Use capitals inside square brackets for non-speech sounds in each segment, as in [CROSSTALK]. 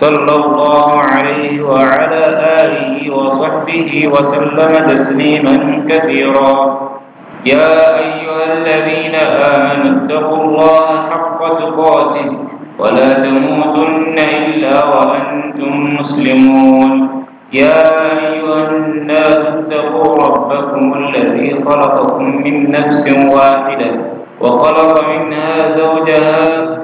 صلى الله عليه وعلى آله وصحبه وسلم تسليما كثيرا يا أيها الذين آمنوا اتقوا الله حق تقاته ولا تموتن إلا وأنتم مسلمون يا أيها الناس اتقوا ربكم الذي خلقكم من نفس واحدة وخلق منها زوجها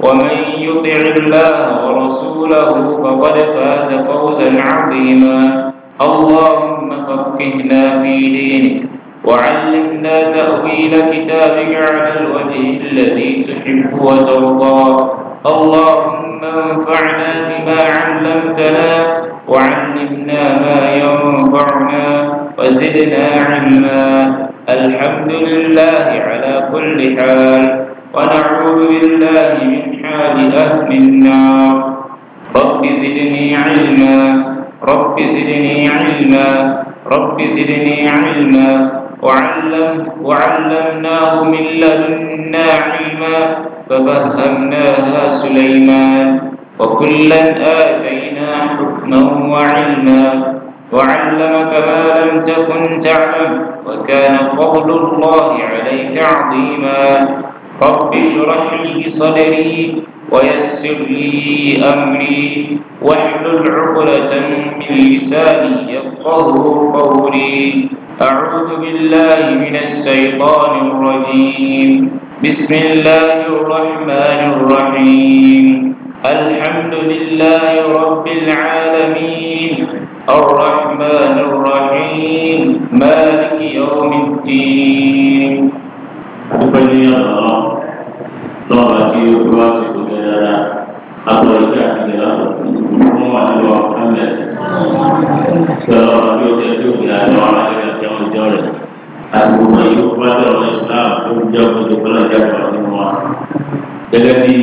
ومن يطع الله ورسوله فقد فاز فوزا عظيما اللهم فقهنا في دينك وعلمنا تأويل كتابك على الوجه الذي تحب وترضى اللهم انفعنا بما علمتنا وعلمنا ما ينفعنا وزدنا علما الحمد لله على كل حال ونعوذ بالله من حال أهل النار رب زدني علما رب زدني علما رب زدني علما وعلم وعلمناه من لدنا علما ففهمناها سليمان وكلا آتينا حكما وعلما وعلمك ما لم تكن تعلم وكان فضل الله عليك عظيما رب اشرح لي صدري ويسر لي أمري واحلل عقدة من لساني يفقه قولي أعوذ بالله من الشيطان الرجيم بسم الله الرحمن الرحيم الحمد لله رب العالمين الرحمن الرحيم مالك يوم الدين adúpẹ́ ní ọ̀sán lọ́wọ́ tí ó fi wá sí gbogbo ẹ̀dára àtọ̀ ìgbà àti ìgbà fún wa ní wa kánlẹ̀ sọ̀rọ̀ bí ó jẹ́ tó fi àjọ ara rẹ̀ jẹ́ ọjọ́ rẹ̀ àti gbogbo yìí ó bá dọ̀rọ̀ Islam tó ń jẹ́ ọjọ́ tó lọ jẹ́ ọ̀rọ̀ nínú wa gẹ́gẹ́ bí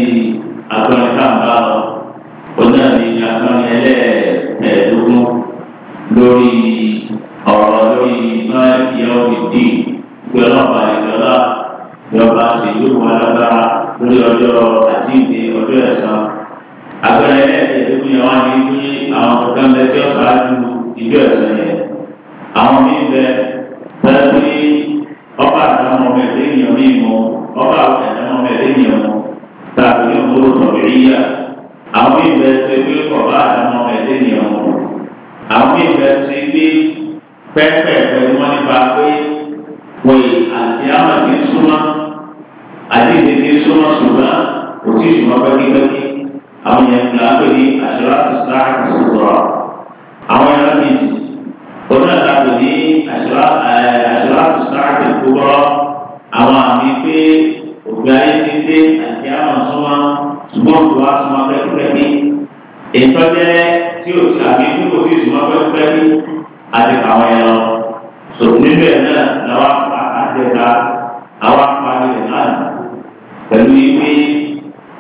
agbọ́n káàmbá ọ̀nà ni agbọ́n ẹlẹ́ẹ̀ẹ́dógún lórí ọ̀rọ̀ lórí máa ń yọ òbí dì gbẹ́lọ́pàá yọba ṣe yóò wà lágbára lórí ọjọ́ àjíǹde ọjọ́ ẹ̀san. Àgbẹ̀rẹ̀ ẹ̀ẹ́dẹ́gbẹ̀rún yẹn wá ní bí àwọn kankan bẹ tí ọ̀sán á ju ìjọ ẹ̀san yẹn. Àwọn míì bẹ bẹ́ẹ̀ bí ọba àtàwọn ọmọ ẹ̀dẹ́ ènìyàn míì mọ ọba àtàwọn ọmọ ẹ̀dẹ́ ènìyàn mọ tàbí ọmọdé sọ̀rọ̀ yíyá. Àwọn míì bẹ ṣe pé ọba àtàwọn ọmọ ẹ̀dẹ́ ènìyàn mọ. Àwọn míì bẹ ṣe pé pẹ́ẹ́pẹ́ẹ́pẹ́ wọn nípa pé wọ̀nyí àti àwọn àti súnmọ́ àti ìdíje súnmọ́ ṣùgbọ́n kò tí ì súnmọ́ pẹ́kípẹ́kí àwọn yẹn ń gbàgbé ní àṣírà àṣírà àṣírà àwọn yẹn ń bìtì òun náà gbàgbé ní àṣírà àṣírà àṣírà àwọn àmì pé ògbé ayé ti dé àti àwọn súnmọ́ ṣùgbọ́n kò wá súnmọ́ pẹ́kípẹ́kí ìtọ́jẹ́ tí o ti àmì tí kò tí ì súnmọ́ pẹ́kípẹ́kí àti àwọn yẹn lọ sòtún níbẹ̀ náà lọ́wọ́ àtẹ̀ta àwọn apárí rẹ̀ náà pẹ̀lú ìwé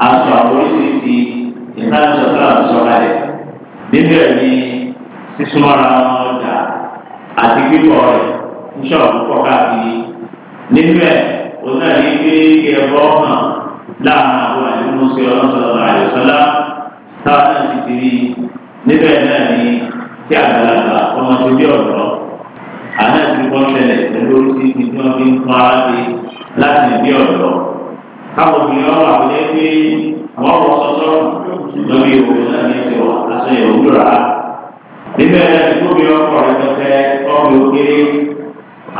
aṣọ àforíṣiríṣi ìtàjọ náà sọ̀rọ̀ rẹ̀ níbẹ̀ ni sísúnmọ́ra ọjà àti kíkọ rẹ̀ ń ṣọ̀rọ̀ púpọ̀ káàkiri níbẹ̀ òun náà ní pé kí ẹ bọ́ hàn láàrin àwọn àdúgbòsí ọlọ́sọ̀rọ̀ àyọ̀sọ́lá táwọn náà ti ti rí níbẹ̀ náà ni kí àgbàlagbà ọmọ ti bí ọ̀dọ́ àná ti kọ́ ṣẹlẹ̀ pẹ̀lú oríṣi ti tí wọ́n fi ń kọ́ ara ṣe láti ìdí ọ̀dọ́ káwọn obìnrin ọ̀rọ̀ àwọlé pé àwọn ọ̀rọ̀ sọ́sọ́ lórí òun náà ní ti wà aṣọ ìwúra níbẹ̀ náà ti tóbi ọkọ̀ rẹ̀ pẹ̀pẹ́ ọ̀rọ̀ òkèrè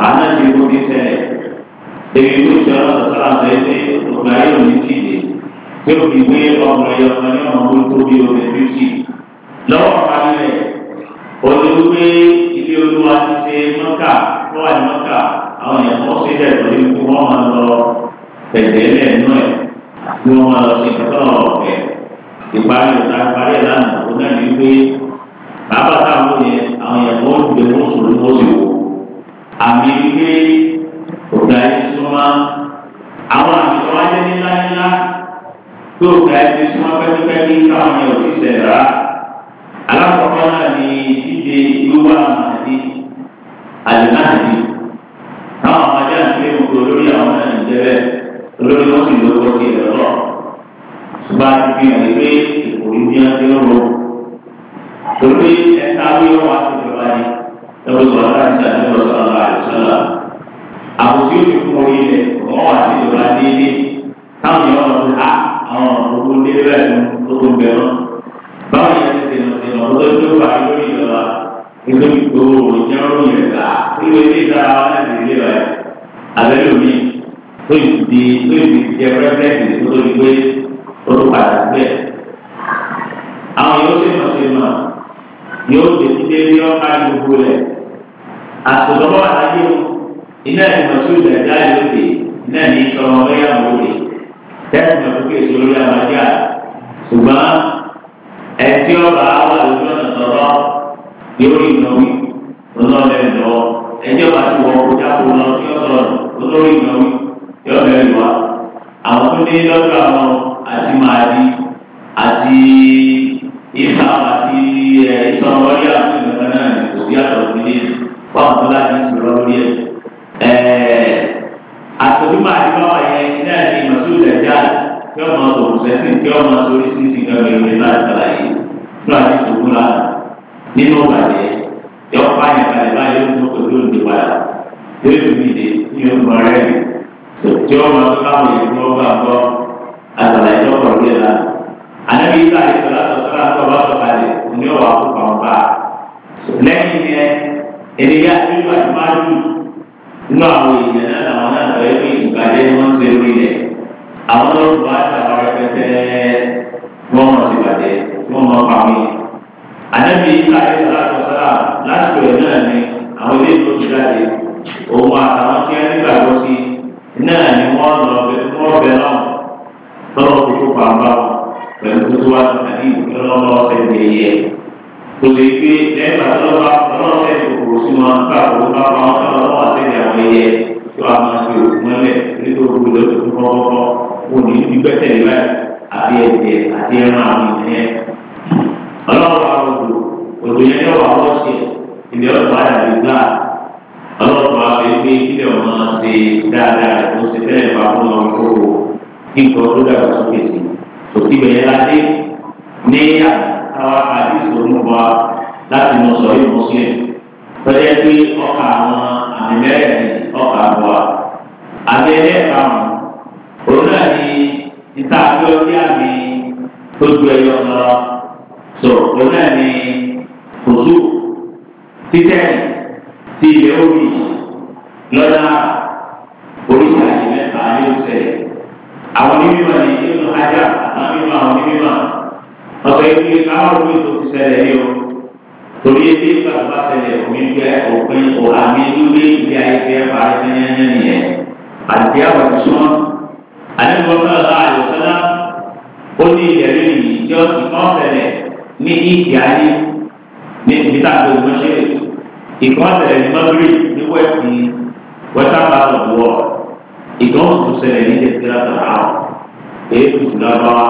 àná ti kó ti ṣẹlẹ̀ èyí ló ṣe ọ̀rọ̀ sọ́sọ́ra sọ pé ògbà yóò ní tìde pé òbí wé ọ̀rọ̀ ẹ̀yọ̀ kan ní ọ̀rọ̀ tó tóbi òbí lọ́wọ́ òní wípé ilé olúwa ti ṣe mọ́kà tó wà ní mọ́kà àwọn èèyàn kan ṣe bẹ́ẹ̀ pẹ̀lú ikú wọ́n máa lọ tẹ̀tẹ̀ lẹ́nu ẹ̀ kí wọ́n máa lọ sí ìtọ́nà ọ̀fẹ́ ìparí ìta ìparí ẹ̀ lánàá òun náà ní wípé bàbá táwọn yẹn àwọn èèyàn kan ó gbé wọn sùn ló sì wò àmì wípé ọ̀gá ẹ̀ ti súnmọ́ àwọn àmì tó wáyé nílá nílá tó ọ̀gá ẹ̀ ti súnmọ́ pẹ́kípẹ́kí alákọ̀ọ́kọ́ náà ni dídé wíwá àmàlí àdìmáàdì yóò tún dìde ní ọgbà rẹ tí ó máa káwọn èèyàn tó bá gbọ́ àtàlàyé tó kọ̀ lóye la ànábi ibà ìṣọlá sọsọlá tó bá sọ̀kalẹ̀ ní ọwà àkókò àwọn bá lẹ́yìn yẹn ènìyàn tó bá tó bá dùn nínú àwọn èèyàn náà làwọn náà lọ ẹgbẹ́ ìgbàdé wọn ṣe lórí rẹ àwọn náà tó bá tàwọn rẹpẹtẹ wọn mọ sí ìbàdẹ wọn mọ pàmì ànábi ibà ìṣọlá sọsọlá lásìkò ẹ̀ náà ni àwọn ilé ìtọ́jú jáde òun àtàwọn tí wọ́n nígbàgbọ́ sí náà ni wọ́n lọ wọ́n bẹ náà lọ́wọ́ kó tó pa bá wọn pẹ̀lú tó tó wá àti ìlọ́lọ́ ọ̀sẹ̀ gbẹ̀yẹ. kò lè gbé lẹ́gbàá tó lọ́wọ́ ọlọ́sẹ̀ kòkòrò sí wọn ká òun bá wọn ká lọ́wọ́ ọ̀sẹ̀ àwọn ẹyẹ tó a máa fi òkú mọ́lẹ̀ nítorí olè tó tó kọ́kọ́ kò ní ibi gbẹ́sẹ̀ láì àti ẹ̀jẹ̀ àti ẹran àwọn ìyẹn. ọlọ́wọ́ àwọn odò ọlọ́run wa fi pé kílẹ̀ ọmọ ṣe dáadáa ló ṣe bẹ́ẹ̀ bá fún ọ kó o kí nǹkan tó dàgbà sókè sí kò sí bẹ̀yẹ láti ní àtàwọn àdìsí olúwa láti mọ sọ yìí mọ sí ẹ̀ tọ́jú pé ọkà àwọn àmì mẹ́rẹ̀ẹ̀rin ọkà àbọ̀wá àmì ẹlẹ́ẹ̀ka òun náà ni níta àbí ọdí àmì tó ju ẹyọ lọ sọ òun náà ni kòtù títẹ̀yìn bí ilẹ̀ òbí lọ́dà oríṣi àti mẹ́ta ní oṣù àwọn onímọ̀ ní inú ajá àwọn onímọ̀ àwọn onímọ̀ ọ̀sẹ̀ ìpínlẹ̀ káwọn òbí tó ti ṣẹlẹ̀ ní o torí ebi ìgbà tó bá ṣẹlẹ̀ òmí gbẹ òpin ò àmì ìlúwé ìgbé ayé fẹ́ parí fẹ́yẹ́yẹ́ nìyẹn àti àwọn ti súnmọ́ àdébọ̀ náà lọ àyọ̀sọ́lá ó ní ìdẹ̀rẹ́ yìí tí ti kọ́ ṣẹlẹ̀ ní ìgbé ayé ní ìgbésà tó gbọ́ṣẹ́lẹ̀ ìkan àtẹ̀lẹ̀ ní mọ́tírì ní wẹ́ẹ̀tì western part of the world ìkan òtún ṣẹlẹ̀ ní jẹ́síra tàrà èébù lábáwá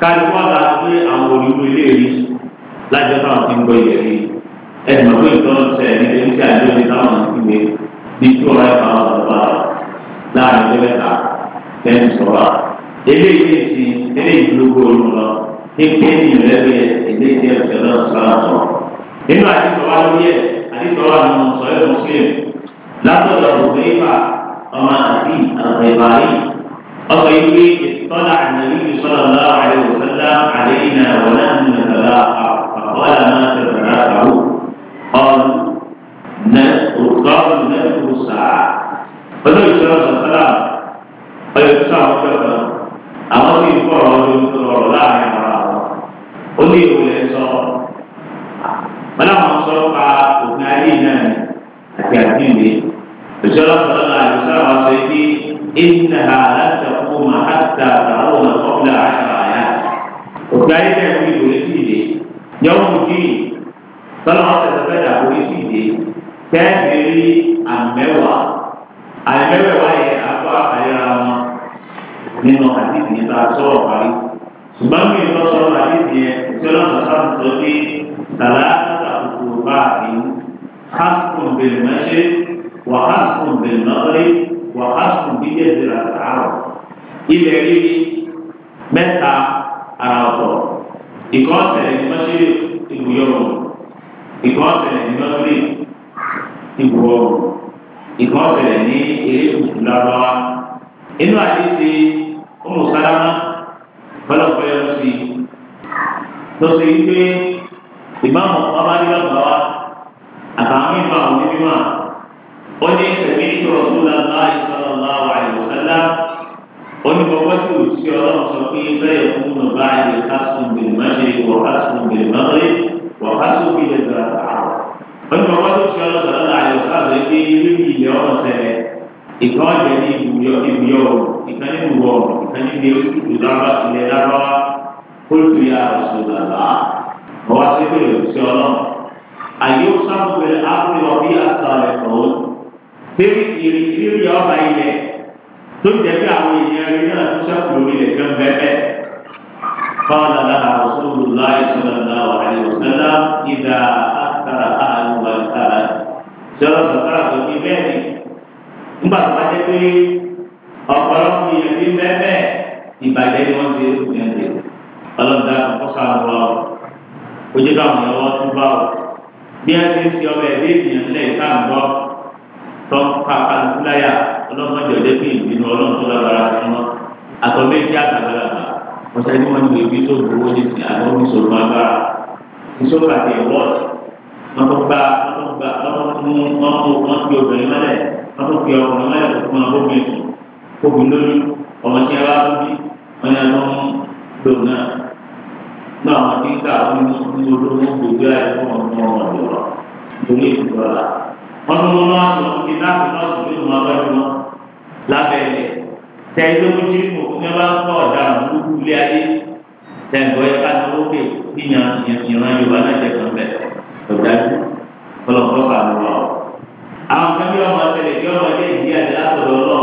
káríwá la gbé àwọn olùkú ilé rí lájọ táwọn ti ń gbọ́ ilẹ̀ rí ẹ̀sìn mọ̀ pé ìtọ́nà ṣẹlẹ̀ ní ẹni tí àjọ ní táwọn ti gbé bí tí wọ́n rẹ̀ fáwọn ọ̀dọ́gba láàrin tó mẹ́ta lẹ́nu sọ̀rọ̀ eléyìí ti eléyìí lógo olùkọ́ lọ ní kéènì rẹ̀ bẹ́ẹ̀ eléyìí ti ẹ̀sìn náà sọ̀rọ̀ nínú àti sọ̀rọ̀ lórí ẹ̀ àdìsọ́wọ́ àwọn sọ̀rọ̀ muslim látọ̀dọ̀ òbẹ́fà ọmọ àti àgbẹ̀bàrí ọkọ̀ ìwé ìtọ́lá ànàbí ìsọ̀lọ́lá àdìsọ́lá àdìsọ́lá wọlé àdìsọ́lá àkọ́lá náà tẹ̀lé àkàwọ́ ọ̀n nẹ́ẹ̀kọ́ nẹ́ẹ̀kọ́sà ọjọ́ ìṣẹ́lẹ̀ sọ̀tẹ́lá ọyọ̀ tó àwọn ọjọ́ kan àwọn sì ń fọ̀rọ̀ ọdún tó lọ́rọ̀ láàrin ara wọn ó ní ìwòlẹ̀ sọ̀rọ̀ wọn làwọn sọ̀rọ̀ pa òfin ayé náà àti àdínlé òṣèlú sọlá àdúrà wọn sọ pé ìnà àlàtàkùn màhàtà àtàwọn ọ̀nàkọ́bùlà àṣàyà òfin ayé náà wí ìwé sí ìdè yọ̀wù kí sọlá wọn tẹ̀sẹ̀ fẹ́ dà wí sí ìdè kẹ́ẹ̀sì rí àmẹ́wàá àmẹ́wàá yẹ àpá àyẹ̀rà wọn nínú àdínlé nípa sọ̀rọ̀ parí ṣùgbọ́n mi ò lọ sọ̀rọ̀ àdínlé yẹn òṣèlú sọlá sọ pé sàlá. الباطل خصم بالمشرق وخصم بالمغرب وخصم بجزيرة العرب إلى لي متى أراضو إقامة المشرق إبويون إقامة المغرب إبويون إقامة المغرب إلى inú àdìsí ọmọ sálámà فلا ọ̀pẹ ọ̀sìn tó ṣe ìmáàmù ọbàdìgbà bàwá àtàwọn ìmọ̀ àwọn onímọ̀ ó ní sẹ̀mí ìṣòro tó lọ́la ìṣòro láwà ìwòsànlá ó ní gbogbo tí ò sí ọlọ́run sọ pé bẹ́ẹ̀ fún un bá ilé kásùn bèrè mọ́ṣẹ́ wọ̀ kásùn bèrè mọ́ṣẹ́ wọ̀ kásùn bèrè gbàgbà ó ní gbogbo tí ò sí ọlọ́run sọ lọ́la ìwòsànlá pé ilé ìlẹ̀ ọ̀rọ̀ sẹ̀rẹ̀ ìkan ọ̀jẹ̀ ní ibùyọ̀ ibùyọ̀ ìkan bọ́wá sí pé yóò sí ọlọ́run àyè ó sábùbẹ̀rẹ̀ ápùlẹ̀ ọbí àtàlẹ̀ ọ̀hún tẹ́lẹ̀ ìrì ìrírí ọba ilẹ̀ tó jẹ́ pé àwọn èèyàn rẹ̀ náà tó sẹ́kù lórí ilẹ̀ kan bẹ́ẹ̀ قال لها رسول الله صلى الله عليه وسلم إذا أكثر أهل والأهل سورة سترة في بني nígbà tó bá jẹ́ pé ọ̀pọ̀lọpọ̀ ìyẹn ti bẹ́ẹ̀ bẹ́ẹ̀ ìbàjẹ́ ni wọ́n ti ń kò jẹ́ ká wọn lọ́wọ́ tún bá o bí a ti ń fi ọbẹ̀ ẹ̀dẹ́ ènìyàn ńlẹ̀ ìta ń bọ́ tọ́ kàkà ńláyà ọlọ́mọdé ọ̀dẹ́ pé ìbínú ọlọ́run tó lágbára fún wọn àtọ́ méjì àtàgbàlagbà wọ́n ṣe ní wọ́n ní ibi tó gbowó ní ti àwọn oníṣòro agbára ìṣòro àti ìwọ́ọ̀dì wọ́n tó gba wọ́n tó gba wọ́n tó mú wọ́n tó wọ́n fi obìnrin mọ́lẹ̀ wọ́n tó fi ọkùnrin mọ́lẹ̀ tó fún ọkọ̀ mi sùn kó fi ọmọ tí a bá tó bí wọ́n yà lọ́mú lòun náà náà wọn ti ń ta àwọn ìṣòro olówó gbogbo ẹ̀ fún ọmọ ọmọ ìrọ̀ torí ìdúrọ̀lá wọn tó wọn máa lọ sí láti náà sì fún ọmọ abẹ́rẹ́ wọn lábẹ́ ẹ̀ tẹ̀lé wọn jí kò fún ẹbá ń kọ́ ọ̀daràn lókù ilé ayé tẹ̀gbọ́ ẹ ká ní ókè níyàn ìran Yorùbá náà jẹ kan bẹ̀ ọ̀dájú kọlọ̀kọ́ sàánú wa àwọn kẹ́mí ọmọ ọ̀sẹ̀lẹ̀ tí ọmọ ọdẹ ìdí àti látọ̀dọ̀ ọlọ́run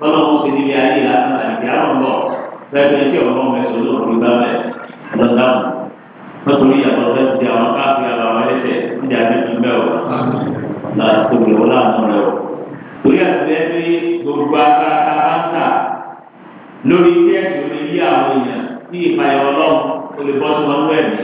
kọlọ́run sì nílé ayé látàkì àwọn ọmọ fẹ́ẹ́ fẹ́ẹ́ tí ọmọ mẹ́sàn-án lóòrùn bá bẹ̀rẹ̀ lọ́dà lọ́kùnrin yàtọ̀ fẹ́ ti àwọn káàkiri àwọn ẹlẹ́sẹ̀ ń jà ní ìgbẹ́ o láti tóbi wọn láàánú rẹ o. torí àtúntẹ́ pé gbogbo akára bá ń tà lórí iṣẹ́ ìṣòro yí àwọn èèyàn ní ìpayọ̀ ọlọ́run olùbọ́sọ̀ ọlọ́run ẹ̀mí.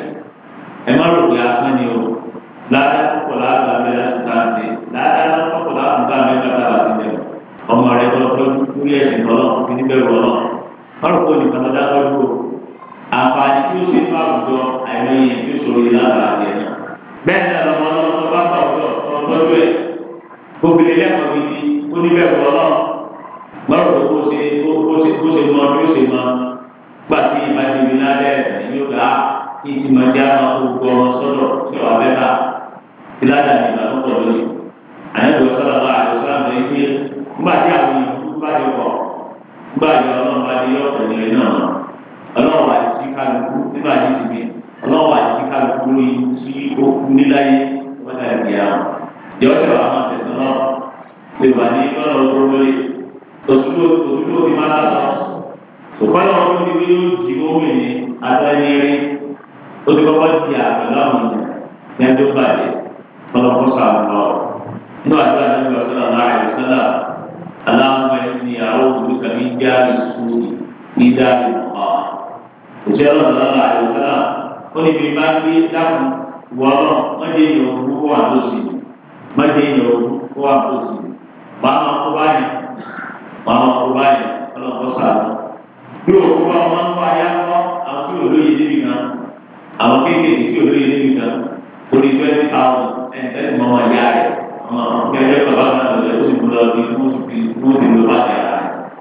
thousand ẹ̀ẹ́dẹ́gbẹ̀rún mọ́ wọn yá rẹ̀ ọmọ kẹjọ bàbá náà lọ sí ìlú lọ bí wọ́n ti fi wọ́n ti lọ bá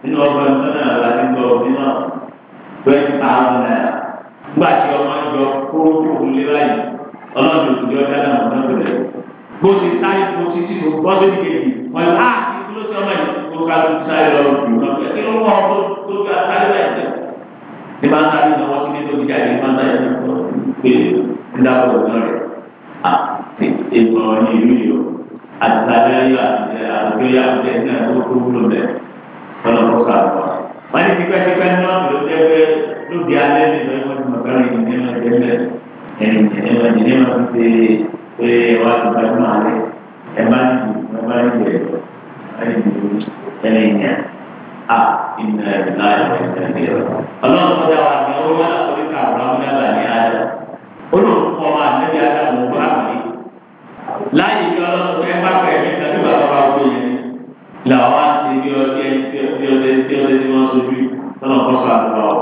ti rà nínú ọgbà nínú àlá ti gbọ́ nínú twenty thousand naira nígbà tí ọmọ jọ kóró kóró lé báyìí ọlọ́run òkú jọ dáná wọn náà bẹ̀rẹ̀ bó ti sáré tó ti ti tó bọ́ sí ìkejì wọn yóò á kí ló ti ọmọ yìí kó ká ló ti sáré lọ rùn wọn pé kí ló wọ ọmọ tó ká sáré báyìí tẹ̀ ní máa ń sáré náà wọ́n ti ní tóbi jáde ní máa ń sáré náà pé ń dábọ̀ òun náà rẹ̀ ètò ọ̀nà ìlú yìí o àtàlẹ́ yọ àtúntò yọ àtúntò ẹ̀sìn àti owó tó wúlò bẹ̀ ọ̀nà kó sà wà. wọ́n ní tipẹ́tipẹ́ ní wọ́n lò jẹ́ pé lóde alẹ́ ní ìlú ẹ̀wọ̀n tí mo fẹ́ràn ìdílé máa jẹ́ mẹ́ ẹ̀yìn ìdílé máa fi ṣe pé wà á tọ́jú máa rẹ̀ ẹ̀ bá ń jù ẹ̀ bá ń jù ẹ̀ ẹ̀yìn ìyá a ìnà ìlà ìrẹ̀lẹ̀ ọlọ́run kọjá wa ni ó wà lórí kàrọ̀ ọ̀nà ìlànà láyé bí ọlọ́run fẹ́ bá pẹ̀ mí tàbí bàbá wa gbé yẹn làwọn á ti bí ọdẹ bí ọdẹ bí ọdẹ tí wọ́n sojú lọ́nà kọ́ sọ àdúrà ọ̀.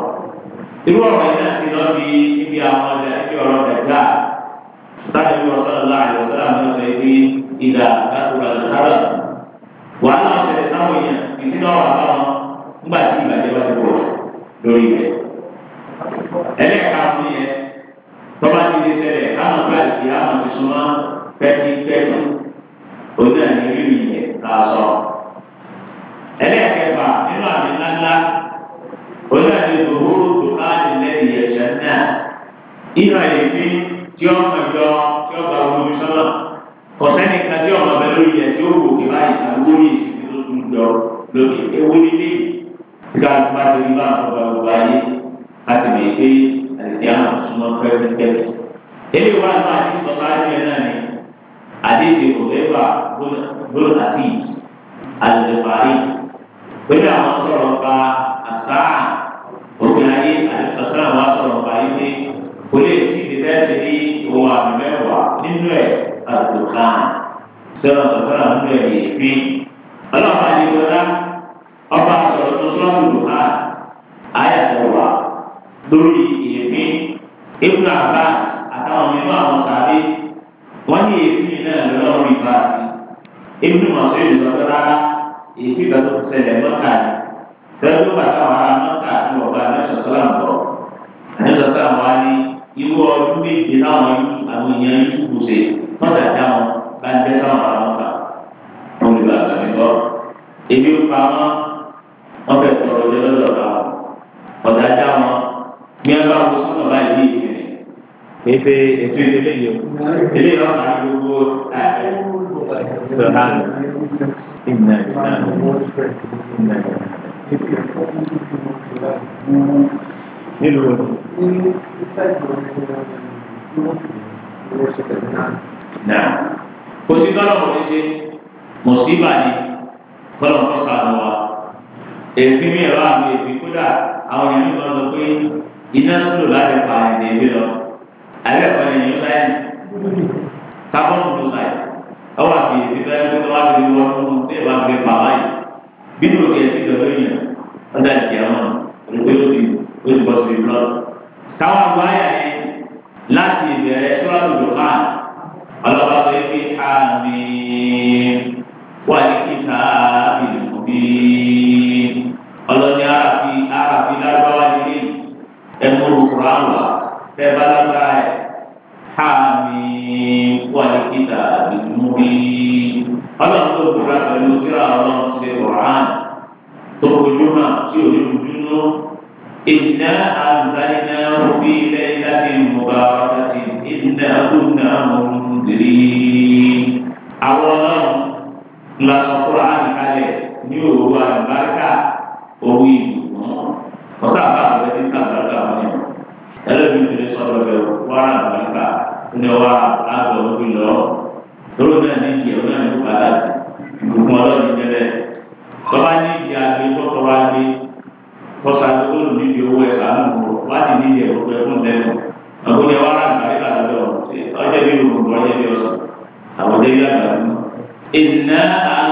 irú ọ̀rọ̀ yìí náà ti lọ bí ibi àwọn ọjà ibi ọ̀rọ̀ dẹ̀gbà sáré bí wọ́n sọ̀rọ̀ láàyè sọ̀rọ̀ àwọn ọ̀sẹ̀ ibi ìdá látòkà lọ́sàrọ̀. wàhálà ọ̀sẹ̀ sáwọn èèyàn ìdílé ọ̀rọ̀ àbáwọn ńgbà tí ìbàjẹ́ bá ti pọ̀ lórí rẹ̀. ẹlẹ́ẹ̀ka fún yẹn tọ́ba ti di ṣẹlẹ̀ pẹ́kípẹ́kí oní àyẹ̀wò yìí ká sọ. ẹlẹ́ẹ̀kẹfà nínú àmì ńláńlá oní àyẹ̀wò owó tó ká nílẹ̀ ìyẹ̀sẹ̀ náà inú àyẹ̀fí tí ó mọ̀ jọ tí ó gba omi sọ́nà kọ̀sẹ́nì kan tí ọmọ abẹ lórí ẹ̀ tí ó wò kí báyìí àgbo yìí sì ti tó tún jọ lókè ewu nílé ìgbà tó bá ti rí bá àwọn ọba ọba láti lè gbé àti àwọn ọ̀ṣunmọ́ pẹ́ẹ́pẹ́ẹ́pẹ́. eléyìí wá láti sọ̀tà ẹ̀jẹ̀ náà ni àdéhùn òfẹ́fà gbọ́dọ̀ àti àlùfààrí pẹ̀lú àwọn sọ̀rọ̀ ọba àṣà òfin ayé àdìsọ̀tàn àwọn sọ̀rọ̀ ọba yìí pé kò lè sí ìdílẹ́sì ní òun àmì mẹ́wàá nínú ẹ̀ kan? sọ̀rọ̀ sọ̀tàn àwọn nínú ẹ̀ yìí pín ọlọ́pàá àdìgbọ́lá ọba sọ̀rọ̀ tó sọ̀rọ̀ lùkà ayàtọ̀wà lórí ìyẹ̀pín ibùdó àbá àtàwọn mímọ́ àwọn sàbẹ̀ wọ́n ní èéfín náà lọ́rùn ìbá ebi ní màsó yìí lọ́sọ rárá èéfín ìgbà tó ti ṣẹlẹ̀ mọ́kà tẹ́lẹ̀ bàtà wà á mọ́kà àti ọ̀gá anáṣọ́sọ́làm bọ̀ anáṣọ́sọ́làm wà ní irú ọdún méje láwọn àwọn èèyàn yìí kù ṣe mọ́tà já wọn bá ń tẹ́sán wà á mọ́kà wọ́n lè bá àgbà mi gbọ́ ebi ń pa wọn wọ́n fẹ́ tọrọ jẹ lọ́dọ̀ ọ̀gá wọn ọ̀gá já wọn bí wọ́n bá wọ sọ́nà báyìí kìí ṣe ètò ìdílé yìí o ilé yìí ọ̀nà gbogbo ṣọ̀hán ìnà ìnà ìnà nílùú náà kò sí tọ́lọ̀ kò ní ṣe mọ̀síbà ni tọ́lọ̀ kò sàánú wa èéfín mi ẹ̀rọ àmì èéfín kódà àwọn ènìyàn lọ sọ pé iná sùlù láti pa ẹ̀dẹ̀ ìwé lọ alẹ́ kọ́ ni yín báyìí sábọ́n tó báyìí ọwọ́ àti èsì báyìí kó tó wá fi wọ́n tó tẹ̀ wá fi pa báyìí bí mo kẹ́ ti dọ̀dọ̀ yẹn ọjà ìkẹ́ wọn olùkọ́ yóò ti ó ti bọ́ sí i lọ. káwọn àgbọ̀ ayà yẹn láti ìbẹ̀rẹ̀ sọ́ràtù dùkán ọlọ́ba pé kí àmì wà ní kíkà ìlùkùbí ọlọ́ni àràfi àràfi lárúbáwá nílé ẹ̀mú rúkúrú àwọn tẹ́ bá lágbára. حامين والكتاب المبين ọlọ́run tó gbọ́dọ̀ pẹ̀lú kíra ọlọ́run ti Qur'an tó gbójúmọ̀ tí ò ní dúdú ìdá àgbáyé òbí ilẹ̀ ìdájọ́ ìmọ̀gá ọ̀tàtì ìdá òdùnà òǹdírí. àwọn ọlọ́run la sọ Qur'an kalẹ̀ ní òru àlùbáríkà owó ìdùnnú ọ̀tá àbá àbẹ̀tí tàbí àgbà wọn. ẹlẹ́bí ìdílé sọ̀rọ̀ bẹ̀rù wọ́n àlùbáríkà ní ọwọ́ àgbà òbí lọ lórí náà ní ìdí ẹ̀rọ náà ní bàtà gbogbo ọlọ́ọ̀ni tẹ́lẹ̀ tọ́ba ní ìdí agbe tọ́tọ́ wa gbé tọ́sà tó lò ní ìdí owó ẹ̀ka ń wò wá ní ìdí ẹ̀rọ pẹ̀ fún lẹ́nu àwọn ìyàwó aráàlú àgbà ọjọ́ bí òògùn ọjọ́ bí ọ̀sán àwọn ìdí ẹ̀rọ àgbà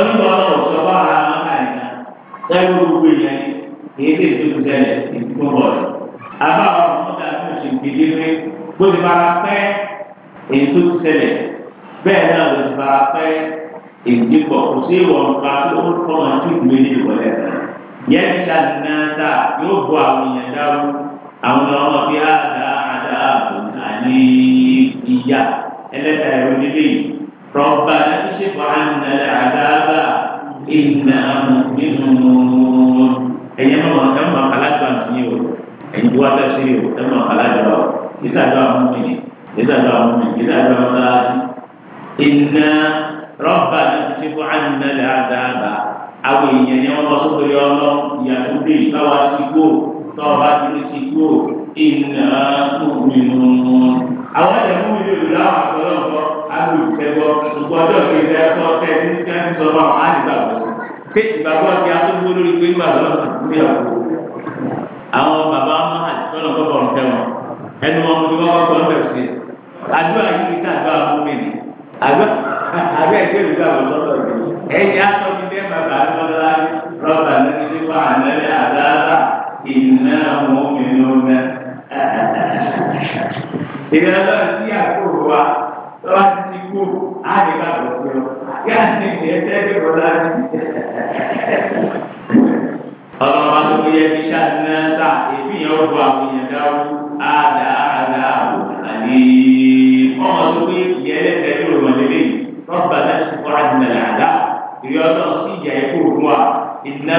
ọdún ọ̀nà ọ̀sọ́ bá ara wọn káyìí náà sẹ́yìn gbogbo ìyẹn kì í ṣe ìdókòwò sẹ́lẹ̀ ìdókòwò bọ̀ rẹ̀. àbá àwọn ọmọdé àti oṣù kejì pé bó ti fara pẹ́ ìdókòwò sẹ́lẹ̀ bẹ́ẹ̀ náà ló ti fara pẹ́ ìdíkọ̀ kò sí ìwọ̀n pa tó ń kọ́ wọn tí ìdílé ní ìwọlẹ̀ náà. yẹn ti ṣàdínnáta yóò bọ àwọn èèyàn dáwọ́ àwọn ọmọ bíi àdá àdá àbò àní ìyá ẹlẹ́ta ẹ̀rọ nílé yìí ربنا اكشف عنا العذاب إنا مؤمنون ẹ̀yin ọmọ ọ̀gá ọmọ àkàlágbà mi o ẹ̀yin tó wá tẹ̀sí o ẹ̀ mọ̀ àkàlágbà o ìsàdọ̀ àwọn mi ìsàdọ̀ àwọn mi ìsàdọ̀ àwọn sáájú. إنا ربنا اكشف عنا العذاب àwọn èèyàn ni wọ́n lọ sókè yọ lọ ìyàtọ̀ bí ìtawà sí kúrò tọ́ọ̀bá ti ní sí kúrò ìnà òmìnira àwọn ẹ̀mú ìlú làwọn àgbọ̀lọ́gbọ̀ alò ìtẹ́wọ́ gbogbo ọjọ́ kejì ẹ̀fọ́ tẹ ní kẹ́hìn sọ fún àwọn àdìgbàgbọ́ sí pé ìgbàgbọ́ ti atúgbó lórí pé ìgbàgbọ́ ìgbéyàwó àwọn bàbá mahad tọ́lọ̀ gbọ́dọ̀ ń tẹ́wọ̀n ẹnu wọn mo ti wá wọ́pọ̀ ń bẹ̀rù sí i àdúrà yìí ní sàdúrà mọ́mìnì àdúrà ẹgbẹ́ ìgbàgbọ́ sọ́dọ̀ yìí ẹ̀yìn aṣọ mi dẹ́ bàbá àdúrà rọ́bà lẹ́ni nípa àlẹ́ àdára lọ́wọ́ ti ti kú àdé bá bọ̀ pé ọ yá ní ìdí ẹsẹ̀ bí wọ́n lá ní. ọlọ́run bá tó yẹ kí sáà ta èmi yẹn ó bọ àwọn èèyàn dáwọ́ àdá àdá àbò àdé ọmọ tó pé ìyẹn lẹ́sẹ̀ ní òun ọ̀lẹ́lẹ́ yìí rọ́bà náà ti kọ́ àdìmọ̀ ní àdá ìrì ọ̀nà sí ìyá ẹ̀kọ́ òun wa ìdílé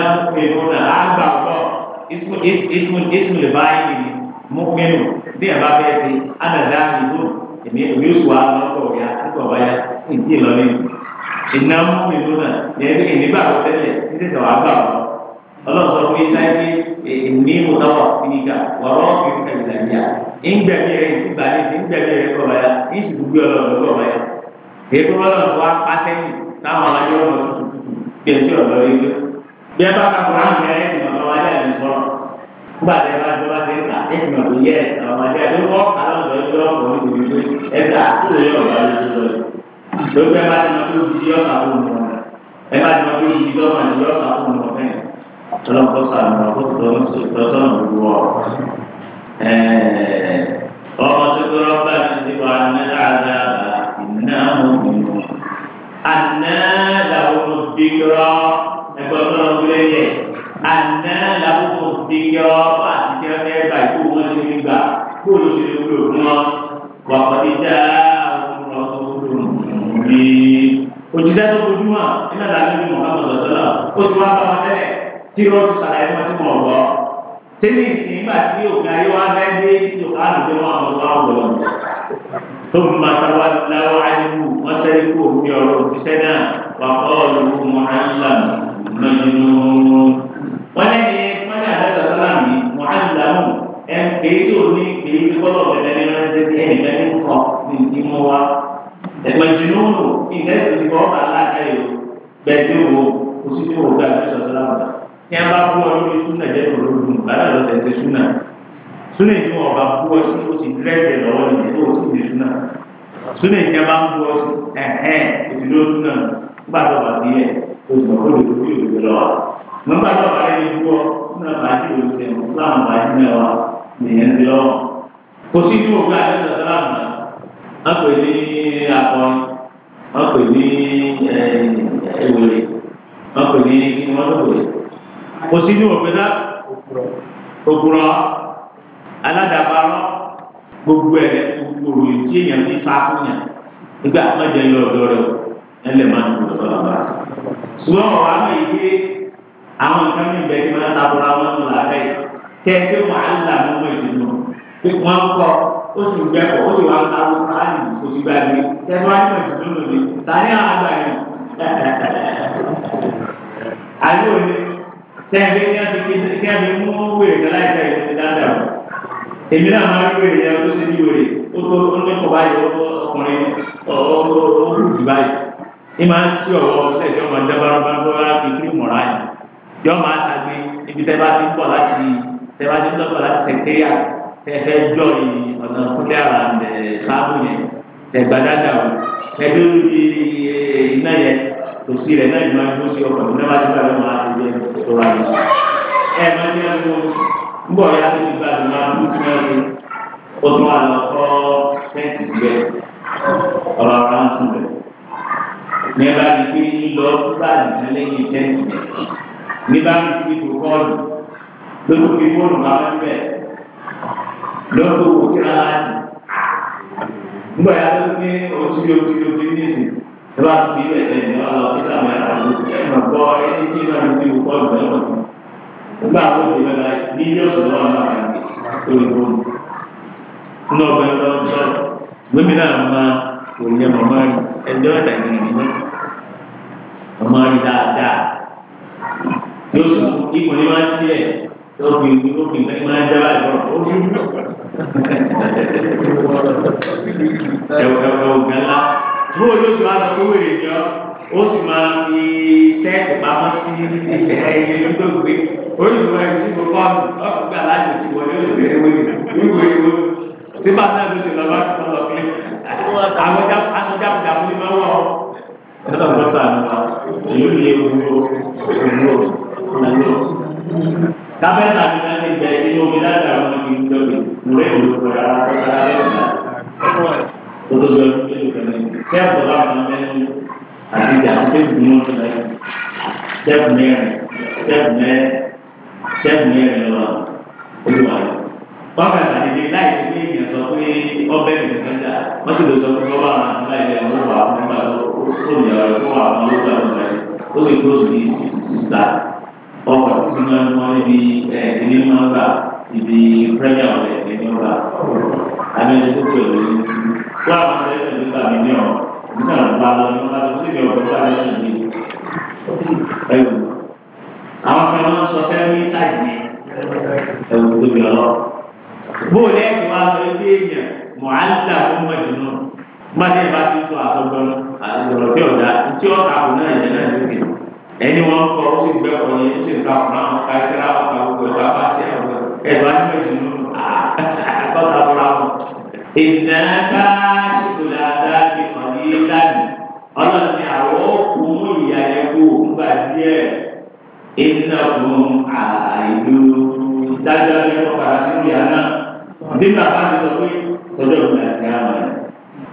mọ́kùnrin atẹ́kù táwọn alájọ́ ọ̀rọ̀ tuntun gbèsè ọ̀rọ̀ ilé bí ẹ bá ka kuran yẹ ẹ ti mọ̀ ọmọdé àti sọ̀rọ̀ nígbà tí ẹ bá jọba ta ẹ ti mọ̀ pé yẹ ọmọdé àti kọ́ alọ́dọ̀ ẹjọ́ ọ̀rọ̀ ìdìbò pé ẹ ta tó lè ọ̀rọ̀ ayé tó àná làwọn òdìgbọ́ ẹgbẹ́ tó lọ gbé yẹ àná làwọn òdìgbọ́ àti kí wọ́n fẹ́ gbà kó wọ́n ṣe lè gbà kó ló ṣe lè wúlò fún wọn wà pàdé dá àwọn ọ̀sán wúlò ní. òjìṣẹ́ tó fojú wọn nígbà tá a ní mọ̀ káwọn sọ̀tọ̀ náà ó ti wá bá wọn tẹ́lẹ̀ tí wọ́n ti sàlàyé wọn tí wọ́n gbọ́ tẹ́lẹ̀ nígbà tí òkè ayé wa fẹ́ dé tí òkè àlùjọ wọn àwọn ọ̀sán wọn ثم تولوا عنه وتركوه في عروسنا وقالوا معلم مجنون ولكن من هذا الكلام معلم ẹn kìí tó ní kìí fi gbọ́dọ̀ bẹ̀rẹ̀ ní ránṣẹ́ sí ẹnìkan ní kọ ní ti mú wa ẹgbẹjìnnúnù ìdẹsí ti kọ ọba aláṣẹ yìí gbẹdí wo kò sí ní wo gbàgbé sọsọ láwọn tí a bá fún ọ lórí súnà jẹ kò lórí nù bàbá lọ tẹsẹ súnà súnà ìdí wọn bá bú ọsí ó ti rẹ́ẹ̀dẹ̀ lọ́wọ́ nìyẹn ó ti ní súnà súnà ìdí wọn bá ń bú ọsí ẹ̀hẹ́n òtí ló súnà tó bá bí ẹ̀ tó sì lọ́wọ́ lòdì bí òdì lọ́wọ́ nígbà tó bá lẹ́yìn bú ọ súnà bá ti lò sí láwọn bá ti mẹ́wàá nìyẹn ti lọ́wọ́ kò sí ní òkú àti ẹ̀sẹ̀ sálámù náà pè ní akọrin wọ́n pè ní eh, ewúrẹ́ wọ́n pè ní kí wọ́n tó pè kò sí ní òkú náà aládàbárọ́ gbogbo ẹ̀ gbogbo òròyìn tí èèyàn ti sá fún yàn nígbà mọ́jẹ yọ ọ̀dọ́ rẹ̀ ẹlẹ́ máa ń dùn lọ́sọ̀ lọ́ba. ṣùgbọ́n wọn wá mọ̀ yìí pé àwọn nǹkan mi bẹ̀rẹ̀ máa ń tabura wọn nù lábẹ́ kẹ́kẹ́ wọn á là mú mọ́ ìdùnnú pé wọ́n kọ́ ó sì ń gbẹ́kọ̀ ó sì wá ń taró káàdì kò sì gbàgbé kẹ́kẹ́ wọn á mọ̀ ìdùnnú lòdì tani àwọn àgbà yẹn. àyè [LAUGHS] òní sẹ́yìn bí kí wọ́n ti mú wèrè èmi náà máa rí wèrè yẹn tó ṣe bí wèrè ó tó ó ní kọ báyìí ọkùnrin ọ̀ọ́dún jù báyìí ní máa ń sí ọ̀wọ́ ọ̀sẹ̀ tí wọ́n máa dábàrà bá bọ́ bá fi kí mọ̀ra yìí yọ máa ṣàgbé ibi tẹ́ bá ti ń bọ̀ láti tẹ́ bá ti ń lọ́pọ̀ láti sẹ̀kẹ́yà tẹ́ fẹ́ jọ ọ̀nà kúlẹ̀ àrà sáàbù yẹn tẹ́ gbadada o tẹ́ iná yẹn kò sí rẹ̀ náà ìmọ̀ ńgbọ̀ ya ti gba ìgbà lójú mẹ́rin ó tún wà lọ kọ́ tẹ́ǹtì síbẹ̀ ọ̀rọ̀ ara ń sùn bẹ̀. ní bá mi pé lílọ bá nìkan lẹ́yìn tẹ́ǹtì ní bá mi fi tó kọ́ọ̀lù lójú fi fóònù máa fẹ́ bẹ̀ lọ́dọ̀ owó kíra láti. ńgbọ̀ ya ló ní òtúlé òtúlé òtúlé nísìn ìwà fi ilẹ̀ tẹ̀lé ọ̀rọ̀ kíkà mẹ́ta ló ń gbọ́ ẹni tí ìwà mi fi kọ́ọ̀lù bẹ́ẹ̀ nígbà tó di mẹ́ta mílíọ̀nù lọ́wọ́ náà òyìnbó ní ọgbẹ́ lọ́wọ́ sọ̀rọ̀ gbẹ́mí náà máa òyìnbó màmá rí ẹgbẹ́ ọ̀dà ìrìn náà màmá rí dáadáa yóò sọ ipò ní máa ń tiẹ̀ tó fi tó fi lẹ́yìn máa ń jábà lọ ó fi wú. ẹ̀wọ̀n ẹ̀wọ̀n gánlá bó o yóò sọ àtọ́kọ́ wèrè jọ ó sì máa fi tẹ́ẹ̀tì pamọ́ sí ẹ̀yìn olùgbòǹgbè olùgbò ẹni tí mo fọ́ ọ̀gbìn ọ̀gbìn aláàjò ti wọlé olùgbèrè wọlé ìwé ìwé tí bàtà ló ti lọ bá ti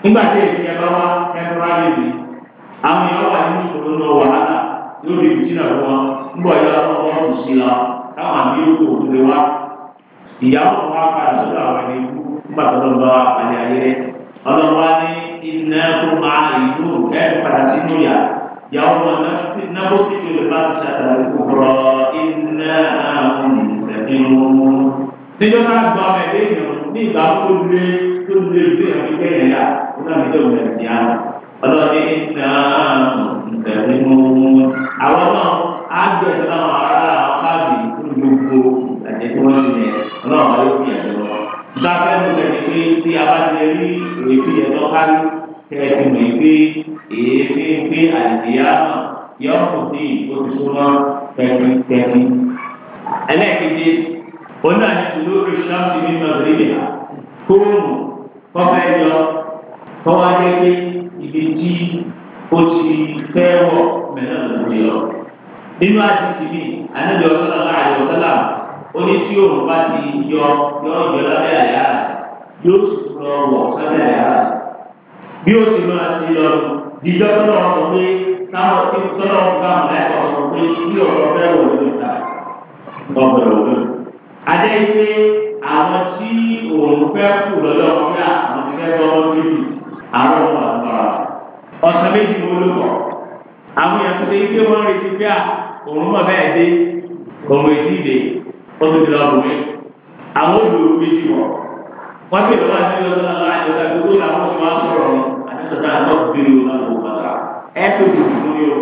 nígbà tí èyí ẹ bá wá ẹnu wá lè rí àwọn èèyàn wà nínú ìṣòro lọ wàhálà yóò lè fi jìnnà fún wọn nígbà yóò lọ wọn kù sí la táwọn àbí yóò kó òkúre wá ìyàwó wọn wá padà sọ́dọ̀ àwọn ẹni ikú nígbà tó lọ bá àlẹ ayé ọlọ́wọ́ ní iná tó máa ìlú ẹ̀ padà sínú yà yàwó wọn náà bó sì kéré bá ti ṣàtàlẹ́ kúrọ̀ iná àwọn ìṣẹ̀kí wọn. níjọba gbọ́ ní ìgbà tó lé tó ń lé ìgbé ìrìn kẹ́ ẹ̀yà wọn náà níjọ́ ìrìn àti àwọn ọlọ́ọ̀ni náà nǹkan ní mú àwọn náà á gbẹ̀ náà ará káàdì fún gbogbo àti tí wọ́n ti yẹ náà wọ́n yóò fi ẹ̀jẹ̀ lọ. dábẹ́ mo kẹ́ ni pé tí a bá ti rí èéfì ẹ̀ lọ́kárí kẹ́ẹ̀tì mọ̀ pé èéfì pé àdìyá yọ̀ọ̀kùn sí oṣù tó náà tẹ́tí ẹlẹ́ẹ̀kejì onáà ní ìlú rẹ̀ ṣáàtì ní mọ̀gírígì náà kóòmù kọ́fẹ́ yọ kọ́wá jẹ́ pé ibi tí ó ti fẹ́ wọ̀ mẹ́lẹ́ lòdì lọ. nínú àdìsí mi ànábì ọ̀sán àgbà àyọ̀sálà ó ní tí òun bá ti yọ yọ yọ lábẹ́ àyà yóò sì lọ wọ̀ sábẹ́ àyà bí ó sì máa ti lọ dídọ́ tọ́lọ̀ sọ pé táwọn tí tọ́lọ̀ ń bá wọn lẹ́kọ̀ọ́ sọ pé kí ọ̀rọ̀ fẹ́ wọ̀ lórí ta ọ̀bẹ̀rẹ̀ òun. adé yìí àwọn tí òun fẹ́ kù lọ́dọ̀ wọn bí àwọn ti fẹ́ lọ́wọ́ níbi àwọn ọmọ àgbàrá ọ̀sán méjì ni wọ́n ló kọ̀ àwọn èèyàn tó ṣe ike wọ́n retí pé à òun mọ̀ bẹ́ẹ̀ dé òun retí dé ó ti di lọ́kùnrin àwọn olùdókòwò méjì wọ̀ wọ́n ti lọ́wọ́ àti lọ́wọ́ lọ́wọ́ àti lọ́wọ́ àti lọ́wọ́ àwọn ọmọ sọ̀rọ̀ ni àti sọ̀tà àtọ́ bíi òun àti tó ti dùn ní o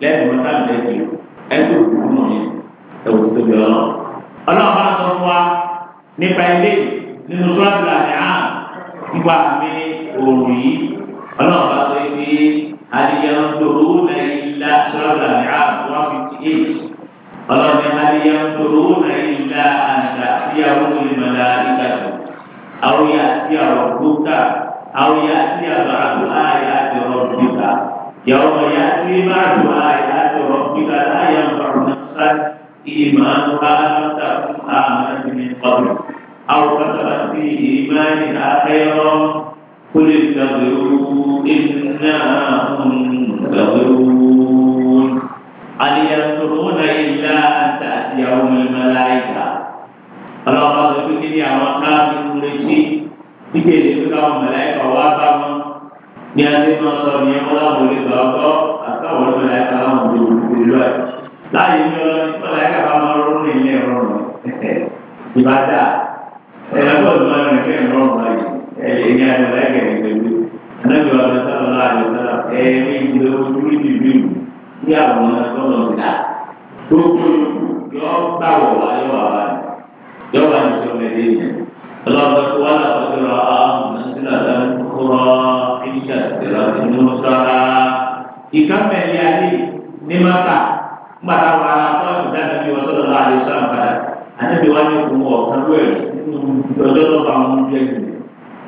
lẹ́yìn mọ́tà lẹ́yìn ẹ̀ tó dùn ní ẹ̀wù tó ti lọ́wọ́ ọlọ́run bá sọ fún wa nípa ilé nínú sọ́ọ̀tì àdáhà nípa àmì òòrùn yìí ọlọ́run bá sọ pé adìyẹun tòrò náà ilá sọ́ọ̀tì àdáhà one fifty eight ọlọ́run ní adìyẹun tòrò náà ilá àṣà síyàwó ìmọ̀lá ìgbàgbọ́ àwọn yà sí àwọn dókítà àwọn yà sí àwọn àdúrà yà sí ọ̀rọ̀ dókítà yàwọ̀ yà sí máa dùn àyà sí ọ̀rọ̀ dókítà láyà ń bàrù náà sáré. إيمان آتاكم آمنت من قبل أو كتبت في إيمانها خيرا قل انتظروا إنا منتظرون هل ينظرون إلا أن تأتيهم الملائكة ọlọ́pàá tó fi ní àwọn káàkiri ń retí níbi èdè tó káwọn mẹlẹ́kà wá bá wọn ní adé náà sọ ní ọlọ́pàá olè gbà ọgọ́ àtàwọn mẹlẹ́kà láwọn òbí òbí lọ́ẹ̀ láàyè ní ọlọ́run ọlọ́run ẹ̀ka bá máa rọrùn ilé rọrùn ìbàdà ẹ̀rọ ìlọrin ẹ̀fẹ́ rọrùn láyé ẹ̀yẹ ní àjọyọ̀ ẹ̀kẹ́ ìgbẹ̀lú anábì wa bẹ sábà láàyè sábà ẹ̀ẹ́mí ìdílé ojú níbi bíbù ní àwọn ọ̀nàtọ́nà ìdá gbogbo yòókù yọ bá wọ̀ wá yọ wà wá yọ wá ní sọ mẹ́lẹ́ yẹn ọlọ́run tó wà lápapẹ̀rọ̀ àwọn ọ̀nà gbàtà wà á tó àbùdá níbi wọn sọ̀rọ̀ náà àdéhùn sáà padà àníbi wọn ní kùn wọn ọ̀kan lóyè nínú ọjọ́ tó bá wọn jẹ́ jù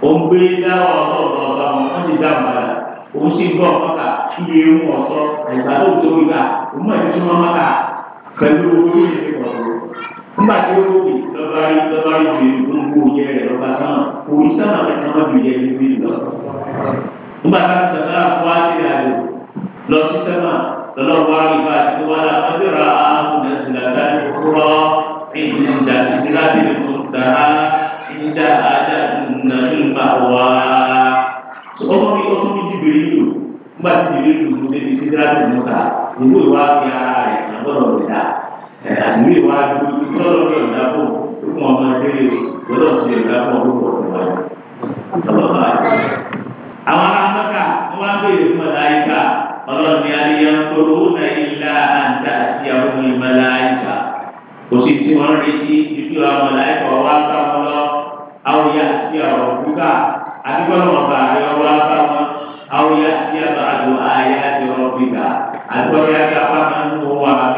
ó ń gbé dáwọ́ ọ̀tọ̀ ọ̀tọ̀ ọ̀tọ̀ àwọn wọn ti dáhùn padà òun sì gbọ́ ọ̀kọ́ta iye ń ọ̀sọ́ ẹ̀gbà tó tó ìgbà òun mọ̀ ní súnmọ́ mọ́ta pẹ̀lú owó ìdílé ọ̀sọ́ nígbà tí ó wòye lọ́ba rí lọ́ba rí ju ìlú ń kó yẹ rẹ̀ lọ́ba sánà òun sánà rẹ̀ kan ju yẹ ìlú ìlú lọ. nígbà tí a sọ̀rọ̀ àfọwọ́sí rẹ̀ sí sánà lọ́lọ́wọ́ àríwá àti wàlá ọjọ́ra ààbùnà ìlànà ìkúrọ̀ ìdíjà ìdíláàbí ìkúta ìdíjà àjà ìnàdúnmá wá. ọmọ mi ọtún mi jìbìrì yìí o nígbà tí jìbìrì yìí ló dé ní ìdíláàbí ìmúta ìwé wa fi ara rẹ̀ àgbọ̀dọ̀ rẹ̀ dá àdúgbò wa ìtọ́lọ́ rẹ̀ ìdábò tó fún ọmọ ìdílé gbọ́dọ̀ sí ìdábò olùkọ́ ìwà ọlọ́run ní aliyah kúrò ní ilá àǹtà àti àwọn ìmọ̀láyìká kò sí tí wọ́n retí ìdúró àwọn mọ̀láyìká ọwọ́ bá wọn lọ àwòyá àti ọ̀rọ̀ kúkà àdúgbọ́n ọba àrẹ ọwọ́ bá wọn àwòyá àti àbàdùn àyà àti ọ̀rọ̀ gbígbà àdúgbọ́n yàtọ̀ àbámọ́ ń wọ àbí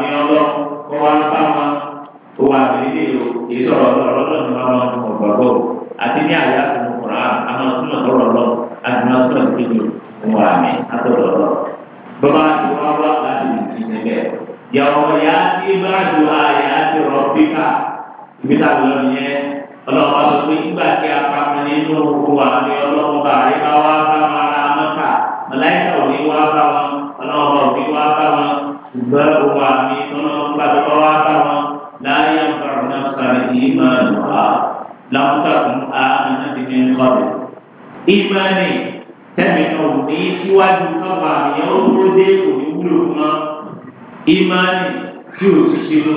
sínú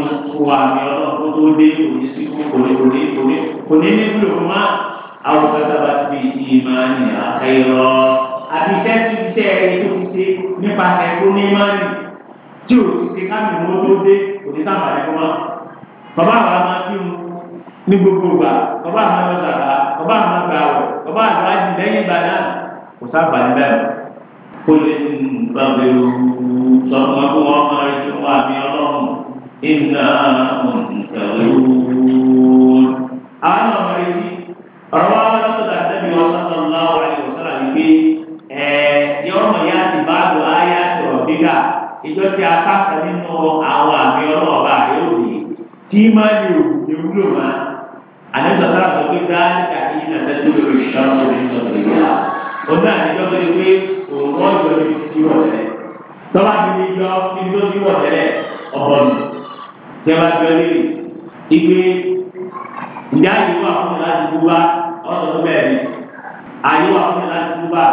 wa ní ọlọ́run tó dé òní sí òní òní òní òní nílò má àwọn kẹtàbà ti di ìmáàní àkẹyọrọ àbíṣẹ́ tí iṣẹ́ ẹni tó ti ṣe nípasẹ̀ tó ní ìmáàní tí ò ti ṣe káàmì mọ́ tó dé òní sàmàlẹ́ fún wa. bàbá àwọn máa kí mu ní gbogbo gbà bàbá àwọn máa sàrà bàbá àwọn máa gbà wọ̀ bàbá àwọn àjì lẹ́yìn ìgbà kò sábà níbẹ̀ kó lè ń bàbá ewu sọ إنا منتظرون أنا مريضي رواه النبي صلى الله عليه وسلم في يوم يأتي بعض آيات ربك ìjọ tí a káàkiri nínú àwọn àmì ọlọ́ọ̀bá àyọ̀dì tí máa ń lò ní wúlò máa àníṣọ́ tọ́lá ti ní yọ kí ní tó ti wọ̀ tẹ́lẹ̀ ọ̀pọ̀ nù tẹ́lá gbẹ́lẹ́ ìgbé ìdí àyíwá fún mi láti dúbà ọ̀sán tó bẹ̀rẹ̀ ni àyíwá fún mi láti dúbà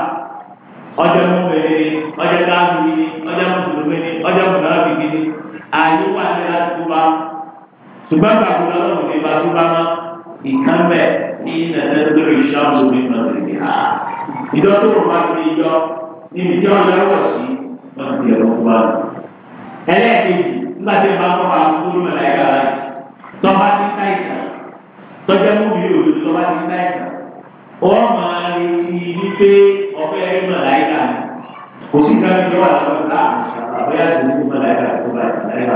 ọjọ́ tó bẹ̀rẹ̀ ni ọjọ́ káàkiri ni ọjọ́ mùsùlùmí ni ọjọ́ mùsùlùmí ni àyíwá fún mi láti dúbà ṣùgbọ́n gbàgbọ́ lọ́wọ́ mi bá dúbà mọ́ ìkánbẹ̀ ní nàìjíríà ìṣàmùsùn mi mọ̀ lẹ́yìn ha ìjọ tó wọ́n bá ti yọ níbi tí wọ́n yọ sí nígbà tí ìbá kọ́ máa kú ní mẹ̀láyà rẹ̀ tọ́ba ti ká ìtàn tọ́jà mú mi òdo tọ́ba ti ká ìtàn wọ́n máa rí ibi pé ọ̀fẹ́ rí mẹ̀láyà rẹ̀ kò sí ìdájọ́ ìjọba àwọn ìlà àbẹ́yà tó ní mẹ̀láyà rẹ̀ tó bá ìtàn rẹ̀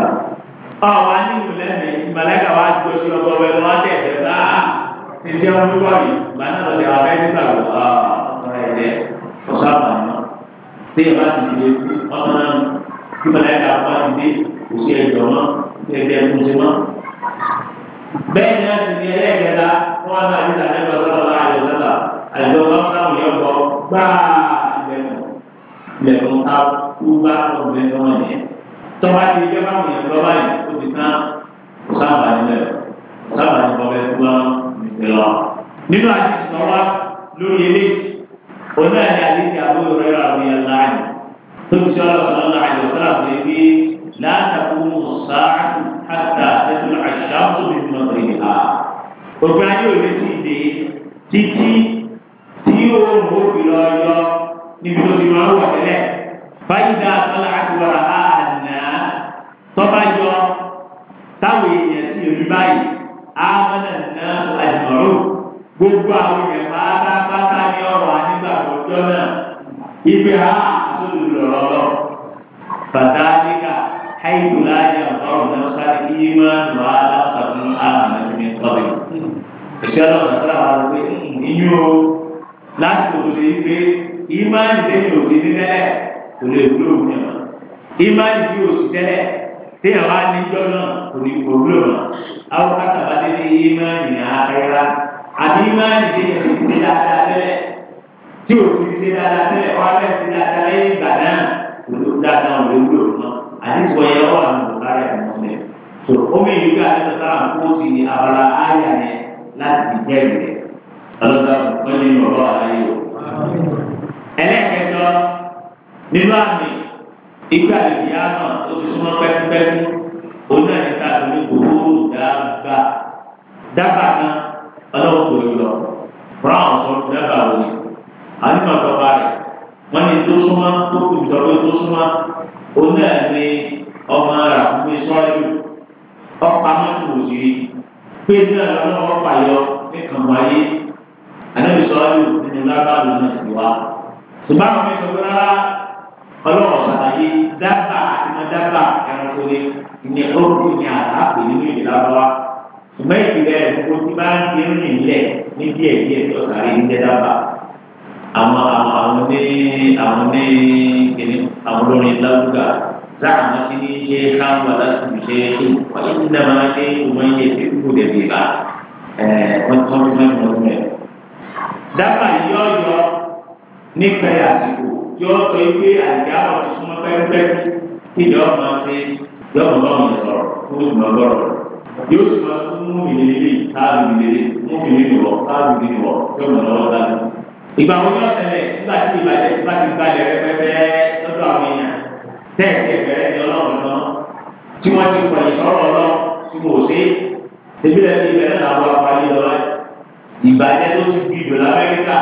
báwa ní ìmọ̀lẹ́mẹ̀ ìmọ̀lẹ́kà wa jọ sí ọgbọ́ rẹ̀ lọ́wọ́ tẹ̀sẹ̀ bá ṣiṣẹ́ wọn ní wọ́ọ̀lì ìgbà náà lọ́sẹ̀ wà fẹ́ẹ́ nígbà wò ọ̀rọ̀ ẹ̀jẹ̀ ọ̀sán àbàmọ́ tí ìbá ti ṣe ọ̀sán náà kí wọn láyé káfá dìde kò sí ẹjọ́ mọ ẹgbẹ́ ẹkún sí mọ. bẹ́ẹ̀ ni a sì ní ẹlẹ́gbẹ̀ta wọn bá ti sàlẹ̀ lọ sọ́dọ̀ bá àjọ sọ́dọ̀ àjọ sọ́dọ̀ táwọn yẹn bọ̀ gbáà ìbẹ̀rù ìbẹ̀rù ta kú bá ọ̀gbẹ́ wọn yẹn. tọ́ba ti gbé báwọn yẹn lọ́ba yìí ó ti tán kò sábà nílẹ̀ sábà ní bọ́ bẹ́ẹ̀ kúmọ́ nìkẹ́ lọ. nínú àdìsí náà wá lórí eléyìí onáà ní àbúrò rẹ̀ rà tóbi sí ọlọ́wọ́ sọ̀rọ̀ náà àyẹ̀wò sọ̀rọ̀ àbúrò bí látàkùn sáà hàtà tẹ́tù àṣà tó bí mọ̀tò ìhà. òpin ayé òde ti dé títí tí òun ò fi lọ yọ níbi tó ti máa ń wọ̀ tẹ́lẹ̀. fáyidà sọ̀rọ̀ àtiwọ̀rà àná tọ́ba yọ táwọn èèyàn sì rí báyìí àmọ́nà náà àjùmọ̀rò gbogbo àwọn èèyàn pátápátá ní ọ̀rọ̀ ànígbàgbọ́ jọ náà ìgbéhà lórí ọ̀rọ̀ lọ. Fàtàlíkà haitu láyé ọ̀rọ̀ lọ́sà ìmọ̀ wà lọ́sàkún àmàlẹ́mí kọ́lẹ̀. Ìṣẹ́ lọ́sà tó àwọn ọ̀rọ̀ pé ìyún o láti kò lè gbé ìmọ̀ ìdẹ́yìn òbí nílẹ̀ kò lè wúlò wúlò náà. Ìmọ̀ ìdí òsì tẹ́lẹ̀ téèyàn wá níjọ́ náà kò ní kò wúlò náà. Àwọn kátàbá dé ní ìmọ̀ ìyàn àbí ìmọ̀ ìdẹ́yìn òbí nílẹ̀ tí o ti ṣe dáadáa tẹ́lẹ̀ wá bẹ́ẹ̀ sí dáadáa lẹ́yìn ìgbà náà olú dáadáa ò lè wúlò mọ́ àdìsọ yẹn wà ní bùkárì àmọ́sẹ̀ tó omi yìí gbé àdìsọ sáà ń kó ti abala áyà yẹn láti fi jẹ́ ìrẹ̀ ọlọ́dà pẹ̀lú ìrọ̀lọ́ àlàyé o. ẹlẹ́kẹjọ nínú àmì ìgbà ìyá náà ó ti súnmọ́ pẹ́kípẹ́kí òun náà tó ní gbòòrò dáadáa dábàá náà ọlọ́wọ́ kò yọ brown sọ àyùmá bàbá rẹ̀ wọ́n ní tó súnmọ́ tó kù ìtọ́jú tó súnmọ́ oní ẹ̀mí ọmọ rà fún ìsọ́ọ́lù ọ̀pá mọ́tò òsì pé ní ọ̀nà ọ̀pá yọ ní kàmáyé ànábì sọ́ọ́lù nínú lábàlù náà sì wá. ṣùgbọ́n àwọn mẹ́sàn-án pé rárá ọlọ́wọ́ sàlàyé dábàá àti mọ́ dábàá ẹranko ni ní ọ̀rọ̀ ní àtàkùn nínú ìdílábàá ṣùgbọ́n ìpìlẹ̀ ẹ̀kọ́ tí bá ń gbé rìn lẹ̀ ní díẹ̀ díẹ̀ tó sàrí ní dẹ́dábàá àwọn àwọn ní àwọn ní kìnnì àwọn lórí lágbà záàmù ti ní ṣe káwọn aláṣẹ ṣe ṣe wọ́n ti dá máa ṣe ìwọ̀n yẹ kí kò lè bí bá wọ́n tọ́ bí wọ́n mọ̀ mẹ́. dábàá yọ yọ nípa àsìkò yọ sọ pé àyà ọ̀rọ̀ súnmọ́ pẹ́ẹ́pẹ́ẹ́ kí yọ máa ṣe yọ máa bá wọn sọ̀rọ̀ kó o sì máa gbọ́rọ̀ yóò sì máa fún mú ìlérí táàbù ìlérí mú ìlérí wọ̀ táàbù ìlérí wọ̀ ìgbà wọn yóò tẹ̀lé nígbà tí ìbàdàn nígbà tí ìbàdàn rẹpẹtẹ lọ́dọ̀ àwọn èèyàn tẹ́ẹ̀tì ẹ̀bẹ̀rẹ̀ ni ọlọ́run lọ tí wọ́n ti pẹ̀lú sọ́rọ̀ lọ tí mo ṣe ebílẹ̀ ní ìbẹ̀rẹ̀ làwọn àpáyé lọ ìbàdàn tó ti di ìdò lamẹ́ríkà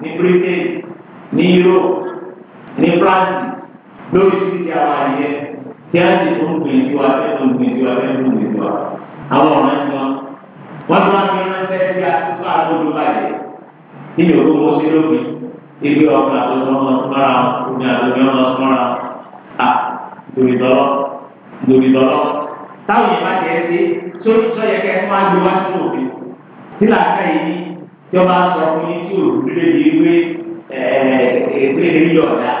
ní Britain ní Europe ní France lórí títí àwọn àyè tí a ti fún gbèsè wa fẹ́ fún gbèsè wa fẹ́ fún gbèsè wa àwọn ọ̀ràn tí wọ́n wọ́n ti wá fi ránṣẹ́ sí àtúntò àgbọ̀dọ̀ bàjẹ́ tí yòówó wọ́n sí lóbi ibi ọmọ àtọ́jú ọmọ sọ́ra omi àtọ́jú ọmọ sọ́ra à dòmìtọ́lọ́ dòmìtọ́lọ́ táwọn yìí bá jẹ́ sí sórí sọ́yẹ kẹ́ fún àjò wá sínú òbí tí làákà yìí tí ọba sọ fún yín tí òòlù lè di ewé ewé nílò ọ̀dà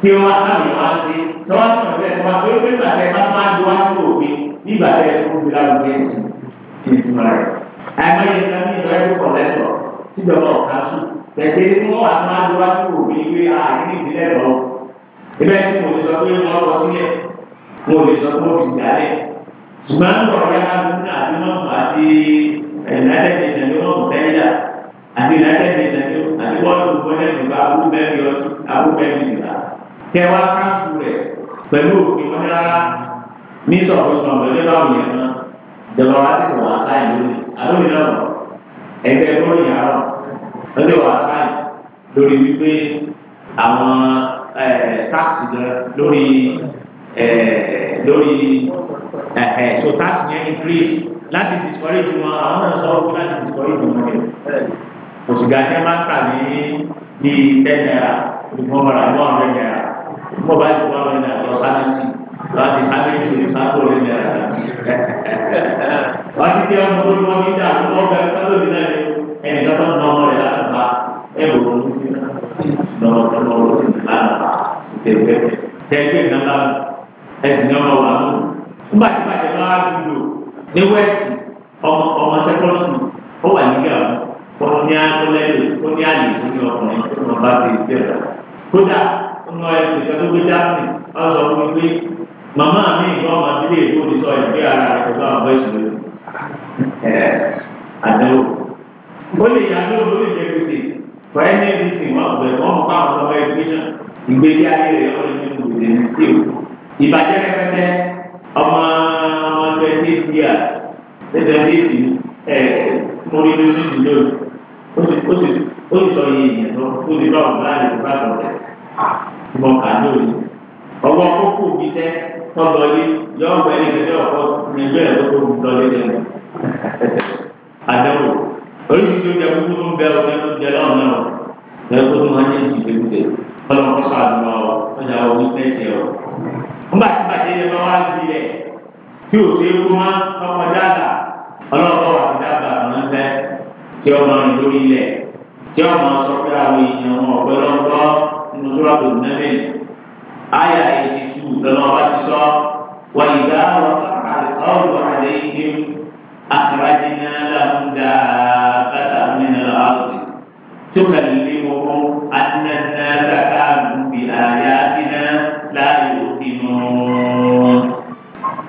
tí wọ́n táwọn yìí wá sí tí wọ́n sọ̀rọ̀ bẹ́ẹ̀ tí wọ́n pé pé gbàtẹ́ bá fún àjò wá sínú òbí nígbà tẹ́ fún mi láwùjọ ẹ̀sìn ìtumọ̀ rẹ̀ àìmọye síjọba ọ̀ká sùn tẹ̀sí mú àwọn adúláṣù òbí wí àárín ìbílẹ̀ lọ. ibẹ̀ tí mo lè sọ pé wọ́n lọ sílẹ̀ mo lè sọ pé wọ́n fi gbálẹ̀. ṣùgbọ́n ń bọ̀ ya lónà àti mọ́mù àti united nations ló mọ̀mù tẹ́lẹ̀dà àti united nations ló àti wọ́n lò wọ́n lẹ́nu bá abúmẹ́rin ọtí abúmẹ́rin ìlà. kẹwàá káńsù rẹ̀ pẹ̀lú òfin wọn rárá ní sọ̀rọ̀ sọ̀rọ̀ lọ́jọ́ báwọn yẹn náà jọba wa ti sọ̀rọ̀ àtàyè lónìí àlóyìn náà ẹgbẹ́ lóyìn àárọ̀ ó lè wà láì lórí wípé àwọn táàsì gan lórí lórí so táàsì yẹn increase láti discourage wọn àwọn náà sọ wípé láti discourage wọn rẹ òṣìgá tí wọn bá kà ní ní ten naira ìfowópamọ́ ra ní one hundred naira ìfowópamọ́ bá ti one hundred naira lọ sáré sí i láti sáré ju ìsáko rẹ̀ ní ara. wọ́n ti di ọmọ tó lọ́ọ́ ní ìdá àwọn ọgbà ìfọ́lọ́ ní náà ní ẹni tó tán lọ́wọ́ rẹ̀ láti bá ẹ̀wọ̀n lọ́wọ́ sí lọ́wọ́ tó lọ́wọ́ sí ti lára bá tẹ̀wé tẹ̀wé nàbà ẹ̀sìn ní ọmọ wa lò. nígbà tí bàjẹ́ máa ń lò ní wẹ́ẹ̀sì ọmọ ọmọ sẹ́kọ́ọ̀sì ó wà nígbà wọn ní alẹ́lẹ́ ó ní àlè fún ní ọkùnrin tó wọn bá ti jẹ́ rẹ̀. kódà ọmọ ẹ̀sìn tó gbé jáde ọ̀sọ̀ fún mi pé màmá mi ìgbà ọmọ sílé ìgbó ti sọ ìgbé ara rẹ̀ pẹ̀lú àwọn ọmọ ìṣòro. àdéhùn ó lè yá lóru ó lè jẹ gbèsè for any reason wọn ọgbẹ wọn mọ báwọn lọ́wọ́ ẹgbẹ́ náà ìgbésí ayé rẹ wọn lè ní gbèsè ní sí o ìbàjẹ́ rẹpẹtẹ ọmọ ọdún ẹgbẹ́ ti à ẹgbẹ́ ti ti ẹ mo rí lórí ìdílé o ó sì ó sì ó sì sọ iye ìyẹn lọ ó sì bá òun láàrin ìgbà tó rẹ ìmọ̀ kà lóru ọwọ́ kókó bí sẹ́ tọ́lọ́lé yọ̀ọ́ gbẹ́ni kẹ́kẹ́ ọ̀pọ̀ nígbẹ́ ẹ̀ lọ́kọ́ lọ́lé lẹ́nu àdáwò oríṣiríṣi oúnjẹ kúkú tó ń bẹ ọ̀gá tó jẹ lọ́wọ́ náà lẹ́yìn tó tó máa ń yẹ ìdíje ìdíje ọlọ́run kọ́ sàdúrà ọ ọjà ọ wípẹ́sì ọ. nígbà tí bàjẹ́ yẹn bá wá sí rẹ̀ tí ò ṣe é kó má tọkọ dáàbà ọlọ́run kọ́ wà sí dáàbà ránṣẹ́ tí ọmọ rẹ̀ lórí ilẹ̀ tí ọmọ sọ pé àwọn èèyàn wọn ọ̀pẹ lọ́gbọ́ nínú tó rọ́pò nẹ́mẹ̀ àyà ètùtù lọ́nà ọba ti sọ wà ìgbà wọn أخرجنا لهم دابة من الأرض تكلمهم أن الناس كانوا بآياتنا لا يؤمنون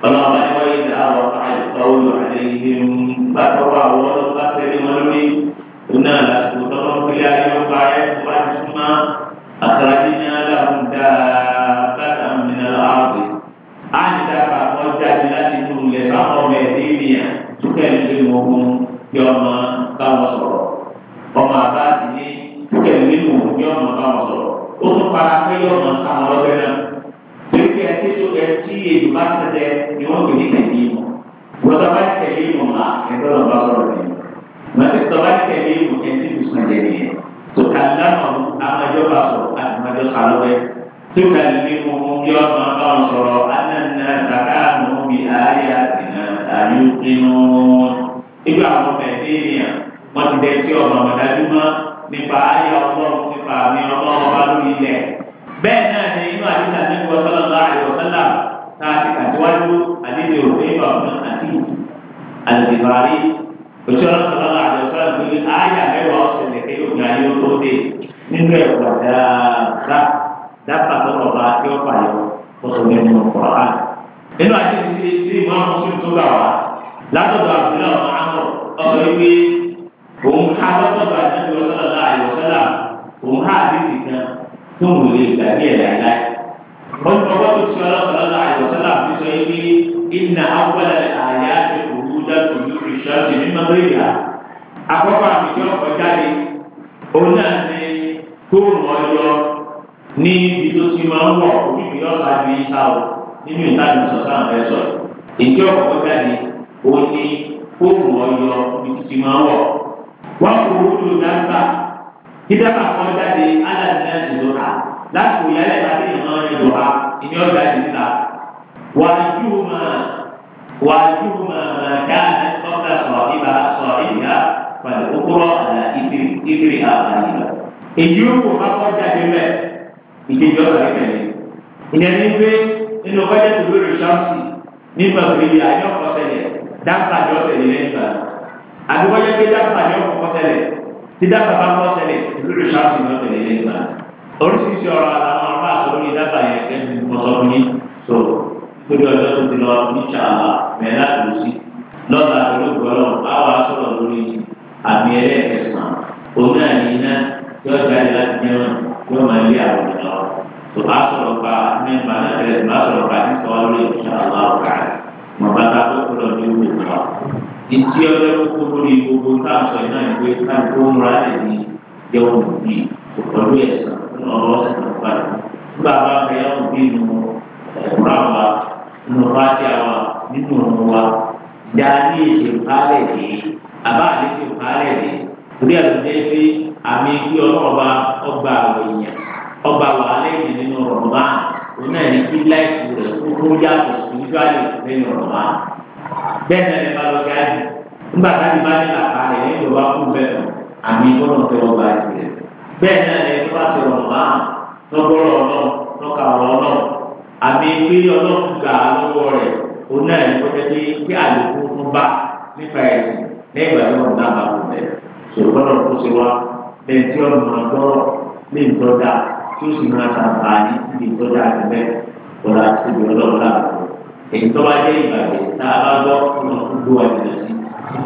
فلما وإذا وقع القول عليهم فتوى ولقتل ولمي لا لسوطهم في اليوم بعد وحسما أخرجنا لهم دابة من الأرض أنت فقد جعلت لكم لفقهم tẹ̀ ń gbé ogun kí ọmọ báwọn sọ̀rọ̀ ọmọ àbá sì ní tẹ̀ ń gbé ogun kí ọmọ báwọn sọ̀rọ̀ ó tún para pé ọmọ káwọn lọ́gbẹ́ náà torí ẹ ti tó ẹ tí èdè bá tẹ̀lé ni wọ́n gbé ní tẹ̀lé ìmọ̀ wọ́n bá tẹ̀lé ìmọ̀ mà ẹ̀dọ́ lọ bá sọ̀rọ̀ ní wọ́n ti tọ́ bá tẹ̀lé ìmọ̀ ẹ̀ ti tù sàn jẹ́ nìyẹn tó kàlá náà amájọ́ bá sọ̀rọ̀ àtìmájọ́ sàlọ́wẹ́ láàyè inú ìgbà àwọn ọmọ ẹ̀dẹ́ ènìyàn wọ́n ti dẹ́ tí ọ̀nà ọ̀dájú mọ́ nípa ayé ọlọ́run nípa àmì ọlọ́run ọba lórí ilẹ̀. bẹ́ẹ̀ náà ni inú àdìsá ní kò sọ́lá lọ́wọ́ àdìsá sọ́lá tá a ti kàtíwájú àdìsá òfin ìgbà ọ̀nà àti àdìsíbárí òṣèlú sọ́lá lọ́wọ́ àdìsá sọ́lá lórí ayé àmẹ́wà ọ̀sẹ̀ lẹ́kẹ́ yóò ní ayé tó dé nínú nínú àti ti ti ìmọ̀ àwọn mùsùlùmí tó gbà wá látọ̀dọ̀ àbúlé ọ̀nà àmọ̀ ọ̀rọ̀ ìwé òun ká lọ́tọ̀dọ̀ àjẹjọ sọ́dọ̀lá àyọ̀sọ́lá òun há àdéhìí kan tó wù lè gbà ní ẹ̀rọ àlá wọ́n ti kọ́kọ́ tó ti ọlọ́sọ̀lá àyọ̀sọ́lá fi sọ ìwé ìnà awọ́lẹ̀ àyà òwú dàtò lórí ìṣọ́ọ̀ṣì ní mọ́tòrìyà àkọ́kọ́ àbíjọ́ ọ̀jáde òun náà ní kóòrùn ọyọ ní ibi tó ti máa ń wọ̀ orí ìyọ́sà bíi sáwọ̀ nínú ìtàkùn sọ̀tà àbẹ́ sọ̀rọ̀ èjì ọ̀pọ̀ jáde ó ní fóònù ọyọ títí máa wọ̀ wọ́n kò wúlò dáńtà dídábà kan jáde aládìní àti zòrà láti òyà ẹ̀ bá tẹ̀yìn náà ní zòrà ìní ọ̀gá ìdíta wàjú máa wàjú máa dáná ọ̀gá sọ̀rọ̀ ibà sọ̀rọ̀ ìyá pẹ̀lú kókóró àlà ìbírí àbáyé lọ. èyí ó kò bá kọ́ jáde mẹ́ ìdíjọ́ àgbẹ̀tẹ̀lẹ̀ ìyẹn ní pé nínú bọ́jẹ́tì lórí ṣọ́ọ̀ṣì nígbà òbí àyọ̀ ọ̀sẹ̀lẹ̀ dáńtà àjọ ọ̀sẹ̀lẹ̀ lẹ́yìn gbà àdúgbọ́jẹ́ pé dáńtà àjọ ọ̀sẹ̀lẹ̀ tí dáńtà bá kọ́ ọ̀sẹ̀lẹ̀ lórí ṣọ́ọ̀ṣì ní ọ̀sẹ̀lẹ̀ lẹ́yìn gbà oríṣiríṣi ọ̀rọ̀ àwọn ọmọ àtọ́rí dábàá yẹn kẹ́ ń mọ sọ fún yín so torí ọjọ́ tó ti lọ níṣà mẹ́rin láti lọ sí lọ́la olóògbé ọlọ́run àwọn asọ̀rọ̀ lórí àmì ẹlẹ́ẹ̀kẹsàn-án òun náà ní iná yọ̀ọ́ jáde láti jẹun yọ̀ọ́ máa lé àwọn ọ̀dọ́ tó bá sọ̀rọ̀ pa mẹ́mbà ẹ̀rẹ́ bá sọ̀rọ̀ pa nípa ọ̀rẹ́ ìṣàlá ọ̀gá mọ̀ bá ta tó kúrò ní ìwé ìgbà. Ìtí ọjọ́ kókó lórí gbogbo táàsọ̀ náà ìwé káàkó múra lè ní yẹ̀wò bí pẹ̀lú ẹ̀sán ọ̀rọ̀ ọ̀sán padà. Nígbà bá fẹ́ yẹ̀wò bí nu ẹ̀kúrà wa nínú fáṣíà wa nínú ọ̀run wa dáadé ìṣèǹkálẹ̀ dé àbá ọba wàhálà èyí nínú rọ̀mà òun náà ní kí láìpù rẹ̀ kó tó yàtọ̀ spiritually nínú rọ̀mà bẹ́ẹ̀ náà ní balọ̀ gáàdì nígbà tá a ti bá ní làpá rẹ̀ ní ìjọba kú bẹ́ẹ̀ àmì gbọ́dọ̀ tẹ ọba àti rẹ̀ bẹ́ẹ̀ náà ní ìjọba ti rọ̀mà lọ́gbọ́rọ̀ ọlọ́run lọ́ka ọlọ́run àmì pé ọlọ́run gbà á lọ́wọ́ rẹ̀ òun náà ní kọjá pé kí àlòkù tún bá nípa ẹ̀sìn lẹ́yìn ìgbà tí dábàá kù bẹ́ẹ̀ sọ̀rọ̀ gbọ́dọ̀ kó wá bẹ́ẹ̀ tí ọ̀nà tí ó sì máa ṣàǹfààní síbi tó dáa ti bẹ́ẹ̀ kọ́ra síbi ọlọ́run láàbò èyí tó bá jẹ́ ìbàjẹ́ tá a bá gbọ́ ọ̀nà gbogbo àjẹjẹ sí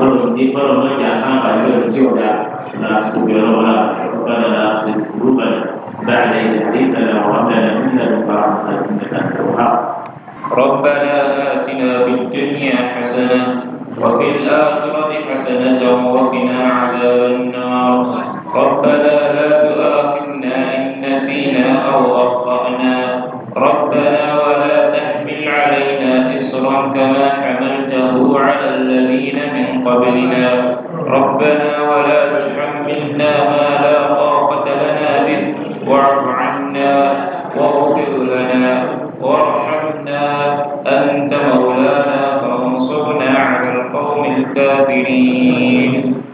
ọlọ́run ní bọ́lọ̀ mọ́jà káàbàjẹ́ ọ̀rọ̀ tí ọ̀dà kọ́ra síbi ọlọ́run láàbò bàdà láti kúrú bàdà bàdà ìdàgbàsílẹ̀ ọ̀rọ̀bẹ̀rẹ̀ nílẹ̀ nípa àwọn ìgbìmọ̀ àti ọ̀há. ربنا آتنا في الدنيا حسنة وفي الآخرة حسنة وقنا عذاب النار ربنا لا تؤاخذنا إن نسينا أو أخطأنا ربنا ولا تحمل علينا إصرا كما حملته على الذين من قبلنا ربنا ولا تحملنا ما لا طاقة لنا به واعف عنا واغفر لنا وارحمنا أنت مولانا فانصرنا على القوم الكافرين